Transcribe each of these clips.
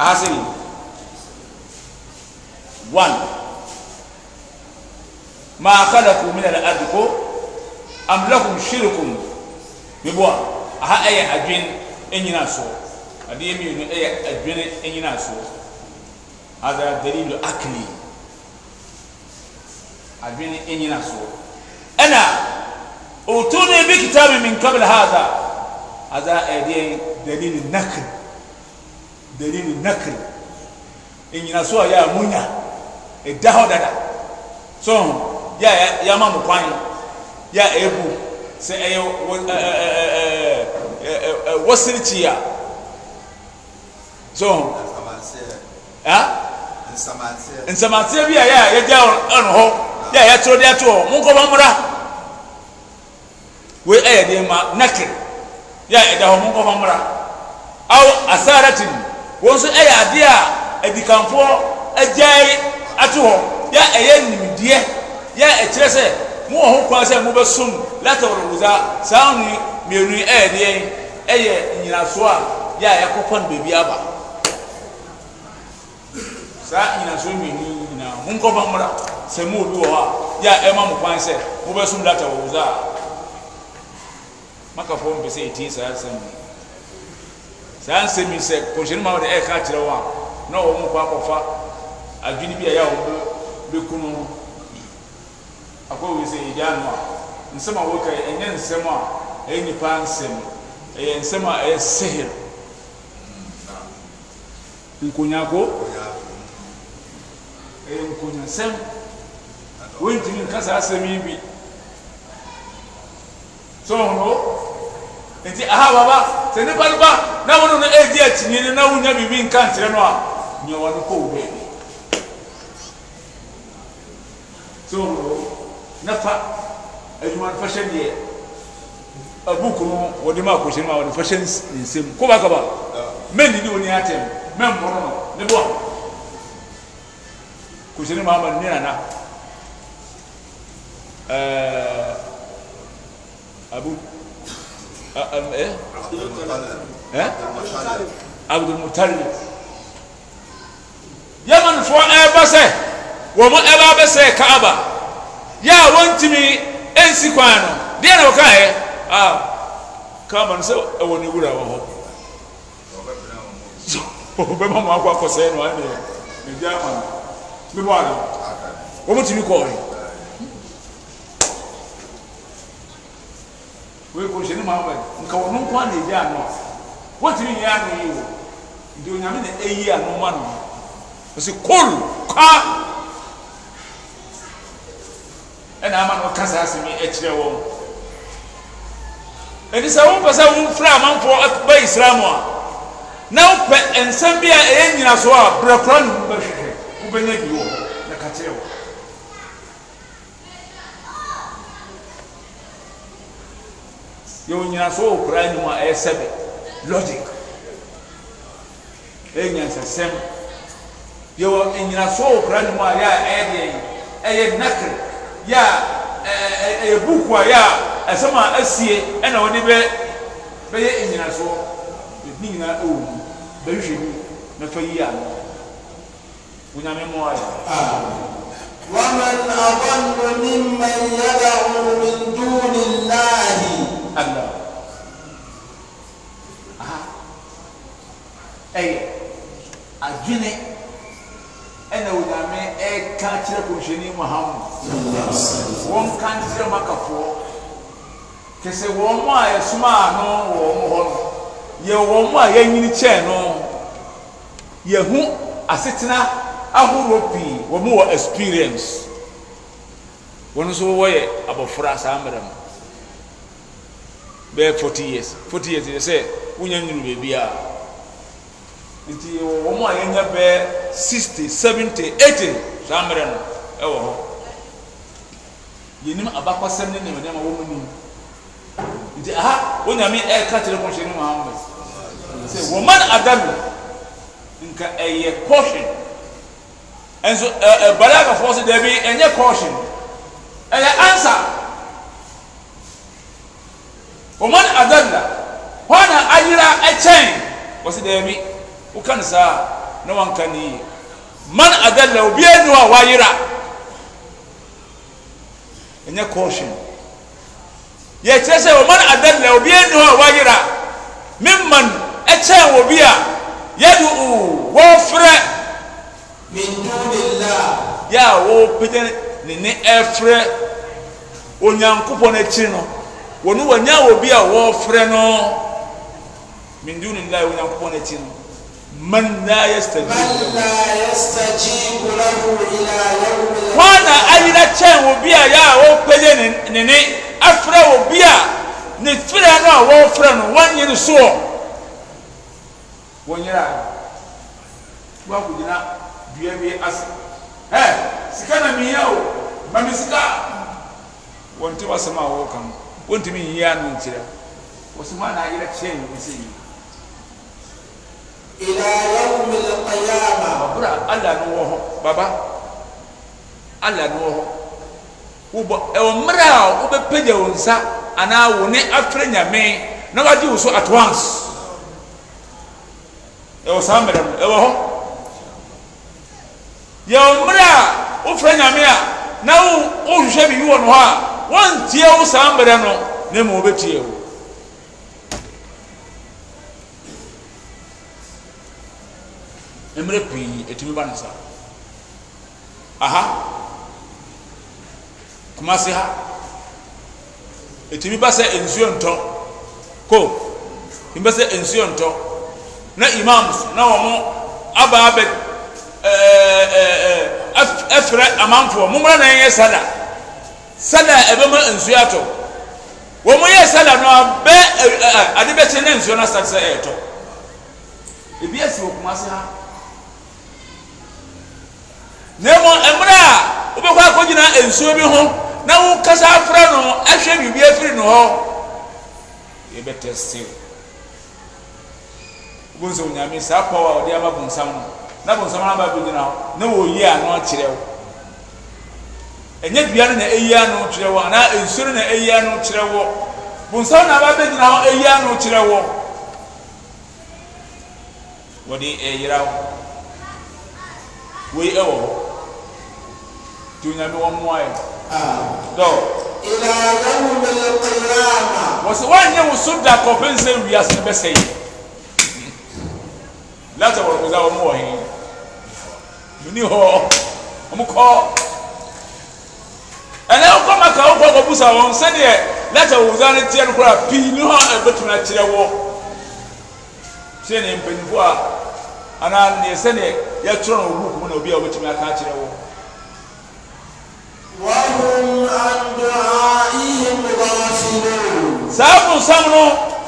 مخل من الأرد ل شركهذاليننبتابمن قبلهذاذل na yinasuwa ya munya ada hɔ dada soh yayama mu kwai ya ɛybu sɛ ɛyɛ wasirkiiya s nsamaseɛ ah? bia yayɛganɔ hɔ ya yato datɔ mɔ nkɔmmmra w ayɛdema nakr ya ɛdahɔ mu nkɔm mra awasaatini wɔn nso yɛ adeɛ a adikanfoɔ agyae ato hɔ yɛ ɛyɛ nimdeɛ yɛ ɛkyerɛ sɛ mo wɔ ho kwan sɛ mobɛsom lata wɔlɔwɔza saa ne mmienu ɛyɛ deɛ ɛyɛ nnyinasoɔ a yɛ a yɛkɔkɔ no baabi aba saa nnyinasoɔ mmienu nyinaa monkɔfa mmra sɛ mo obi wɔ hɔ a yɛ a ɛma mo kwan sɛ mobɛsom lata wɔlɔwɔza a makafoɔ mpɛ sɛ ɛtie saa asɛm no saa nsɛm yi sɛ kɔmhyɛni muhammed ɛreka akyerɛ wɔn a na wɔn kɔ akɔfa adwene bi a ɛyɛ a wɔn bɛku no akɔwé sɛ egya no a nsɛm a wɔka yi ɛnyɛ nsɛm a ɛyɛ nipa nsɛm ɛyɛ nsɛm a ɛyɛ sehir nkonyako ɛyɛ nkonyasɛm wɔntumi nka saa asɛm yi bi sɔɔho nti aha baba sɛ nipa no ba na wɔn no edi akyinni no e na wunya biribi nka nkyerɛ no a nyɛ wɔn kɔ wo baabi so nafa fa adwuma no fa hyɛ deɛ abuku no wɔde mu akɔhyɛ mu a wɔde fa hyɛ ne nsam kɔba wɔn ni atɛm mɛ mbɔrɔ no ne bo a kɔhyɛ ne mu ama nana ɛɛ abu. ايه ها عبد المطلب يمن فو ابسه وما ابسه كعبه يا وانتمي انسي كوانو دي انا وكاي اه kama no sɛ ɛwɔ ne wura wɔ hɔ ɔbɛma mo akɔ akɔsɛe no ɛneɛ mebi ama no mebɔ ade wɔmotumi kɔɔe wei kɔ hyɛ ne mu abɛ nka wɔn nko ara na ebi ano a wɔtumi yɛ ano yi o nti onyame na eyi ano ma no ɔsi kol kwa ɛna ama no ɔka saa asɛm yi akyerɛ wɔn ɛni sɛ wɔmpɛ sɛ wɔmfra amanfoɔ ba islam a na wɔpɛ nsɛm bi a ɛyɛ nyinasoɔ a brɛ kora ne ho bɛhwehwɛ wobɛnya bi wɔ na ka kyerɛ wɔn yɛwɔ nyinaso wo kora nim a ɛyɛ sɛb logic ɛyɛ nyasɛsɛm yɛwɔ anyinaso wo kora nim a ya ɛyɛdeɛye ɛyɛ nakr ya yɛ bukoa yɛ ɛsɛm a asie ɛna wone bɛ bɛyɛ anyinasoɔ ɛdni nyina ɛwomu bɛhwɛni nafa yi aɔ konyammay أم aha ɛyɛ adwene ɛna onyame ɛka kyerɛ kɔmhyɛni muhammad wɔn ka kyerɛ makafoɔ te sɛ wɔn mu a yɛsomaa no wɔ wɔn hɔ no yɛ wɔn mu a yɛnyini kyɛn no yɛhu asetena ahorow pii wɔn wɔ experience wɔn nso wɔyɛ abɔfra saa mmerɛ mu bɛyɛ forty years forty years yɛ sɛ wonya nyuru beebi a nti wɔn a yɛnya bɛyɛ sixty seventy eighty saa mmerɛ no ɛwɔ hɔ yɛnim abakɔsɛm ne nneɛma nneɛma wɔn mu nti aha wonyame ɛka kyerɛ kɔhyɛ ne muhammed sɛ wɔman adamu nka ɛyɛ kɔhyɛ ɛnso ɛɛ ɛbɛrɛ akɔfɔ so dɛbi ɛnyɛ kɔhyɛ ɛyɛ answer wɔman adalla hɔn na ayera ɛkyɛn wɔsi dɛbi woka ne saa na wanka ne yie man adalla obiara nu a wayera ɛnyɛ caution yɛkyerɛ sɛ wɔman adalla obiara nu a wayera mimman ɛkyɛn wɔ bi a yɛdu o wɔfrɛ yɛ a ne ne ɛfrɛ onyankopɔn akyiri no wɔn wɔnya wɔ bi a wɔrefrɛ no mindu ne nla wɔn akɔkɔ n'akyi no man na yɛ stajibu lahu wɔn na ayira kyɛn wɔ bi a yɛ a wɔpɛgye ne ne afrɛ wɔ bi a ne fira no a wɔrefrɛ no wɔn nyere soɔ wɔn nyere a wɔn dua bi ase ɛ sika na mi yɛ o ma mi sika wɔn ti wɔ asɛm a wɔreka no. wntmiy no ra wo sihɔnayeɛ kɛa alano wwɔ hɔ baba ala nowɔ hɔ oɛwɔ mmerɛ a wobɛpɛ yɛwo nsa anaa wo ne afrɛ nyame na wagye wo so atance ɛwɔ sammɛ ɛwɔ hɔ yɛwɔ mmerɛ a wo frɛ nyame a na wo hwehwɛ biyuwɔ ne hɔa wɔntie wo saa mmerɛ no na mmom wɔbɛtie wo mmerɛ pii ɛtumi ba ne saa aha kumase ha ɛtumi ba sɛ nsuo ntɔ ko ɛtumi ba sɛ nsuo ntɔ na imams na wɔn aba abɛ ɛɛ ɛɛ ɛfrɛ amanfoɔ mumra na yɛ sada sɛdeɛ ɛbɛma nsuo atɔ wɔn yɛ sɛdeɛ no abɛ eh, eh, ade bɛkye ne nsuo no asate sɛ ɛretɔ ebi asi e wɔ kumase ha e na mmom mmerɛ a wobɛkɔ akɔgyina nsuo bi ho na wokasa afra no ahwɛ e biribi afiri no hɔ yɛbɛtɛ sew wobɛhu sɛ onyame saa pɔw a wɔde ama bonsam no na bonsam no aba bɛgyina hɔ na wɔyi ano akyerɛ ɛnyɛ dua no na ɛyi ano kyerɛ wɔ anaa nsuo no na ɛyi ano kyerɛ wɔ bonsam na aba bɛgyina hɔ ɛyi ano kyerɛ wɔ wɔde ɛyera eh, hɔ wei ɛwɔ hɔ nti onyame wɔn mmoa yɛ dɔ wɔsɛ woanyɛ wo so da kɔpɛ nsɛ wiase no bɛsɛe lata wɔrɔkosa wɔn wɔ he meni hɔ ɔmokɔ anka wɔn kɔ kɔbusa wɔn sɛdeɛ lɛtɛ wɔwuda ne teɛ no koraa pii ne hɔ ɛbɛtumi akyerɛ wɔ sɛdeɛ mpanyinfoɔ a anaa neɛ sɛdeɛ yɛtwerɛ no wɔ buku mu na obi a wɔbɛtumi aka akyerɛ wɔ. wɔn andoa iye no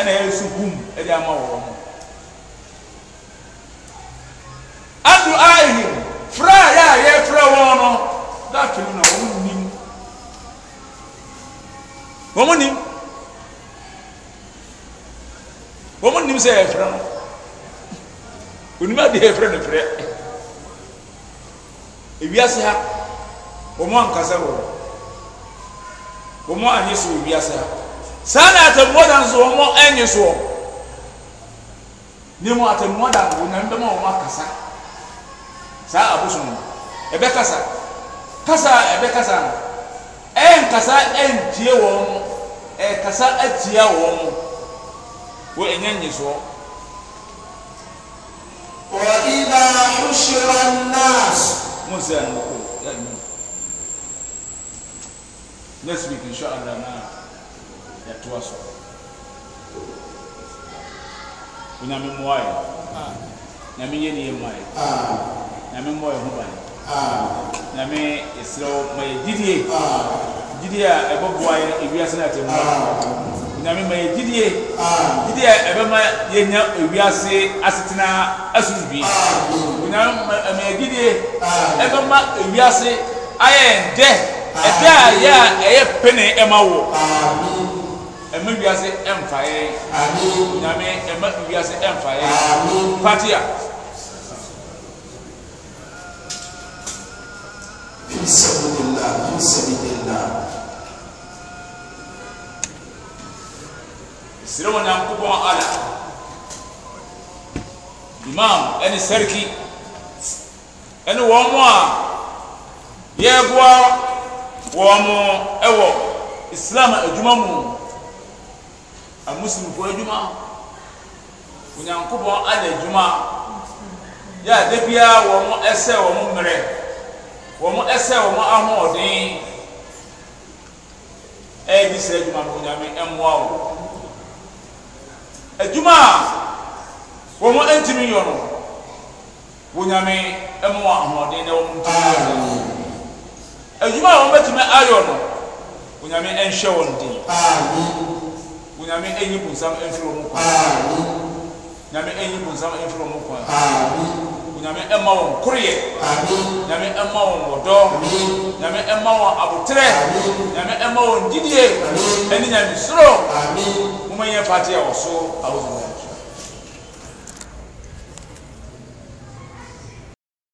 ɛna yɛ nso gum ɛde ama wɔn. andoa iye fura a yɛ a wɔn no dafiri no. wɔn nim wɔn nim sɛ yɛfrɛ no onim adeɛ yɛfrɛ no frɛ ewiase ha wɔn ankasa wɔ wɔn anyɛ so ewiase ha saa na atɛmɔda nso wɔn anyɛ soɔ ne mu atɛmɔda wɔn bɛma wɔn akasa saa abosom no ɛbɛkasa kasa ɛbɛkasa no ɛnkasa ɛntie wɔn ɛkasa atia wɔn wɔ ɛnyɛ nyisoɔ. wɔ ina hushira nas. mo n sɛ ɛnu ko ya nu next week n sɔ ala na yatoa so onyame mmoa ah. yɛ nyame yɛ ni yɛ mmoa ah. yɛ nyame mmoa yɛ ho ba yɛ. Ah nyame ɛsrɛ wo ma yɛ gyidie gyidie a ɛbɛboa yɛ ewiase no atɛmu nyame ma yɛ gyidie gyidie a ɛbɛma yɛnya ewiase asetena asoro wie nyame ma yɛ gyidie ɛbɛma ewiase ayɛ ɛdɛ ɛdɛ a yɛ a ɛyɛ pene ɛma wɔ ɛmɛ wiase ɛmfa yɛ nyame ɛma wiase ɛmfa yɛ patia. isire mɔnyankopɔn ada imam ɛne sɛriki ɛne wɔ mo a yɛ boa wɔ mɔ ɛwɔ islam adwuma mu amusimfɔ adwuma kɔnyankopɔn ada dwuma yɛ debia wɔ mo ɛsɛ wɔ mo merɛ wɔn ɛsɛ wɔn ahoɔden ɛɛbi sɛ adwuma no onyame ɛmmoa wɔn adwuma a wɔn ɛntumi yɔ no onyame ɛmmoa ahoɔden na wɔn ntumi yɔ no adwuma a wɔn bɛtumi ayɔ no onyame ɛnhyɛ wɔn den onyame ɛnyi bonsam ɛmfiri wɔn kwan nyame ɛnyi bonsam ɛmfiri wɔn kwan nyame ɛma wɔn koroyɛ nyame ɛma wɔn wɔdɔ nyame ɛma wɔn abotrɛ nyame ɛma wɔn didie ɛne nyame soro mo ma yɛ fa te a wɔ so awo nyinaa.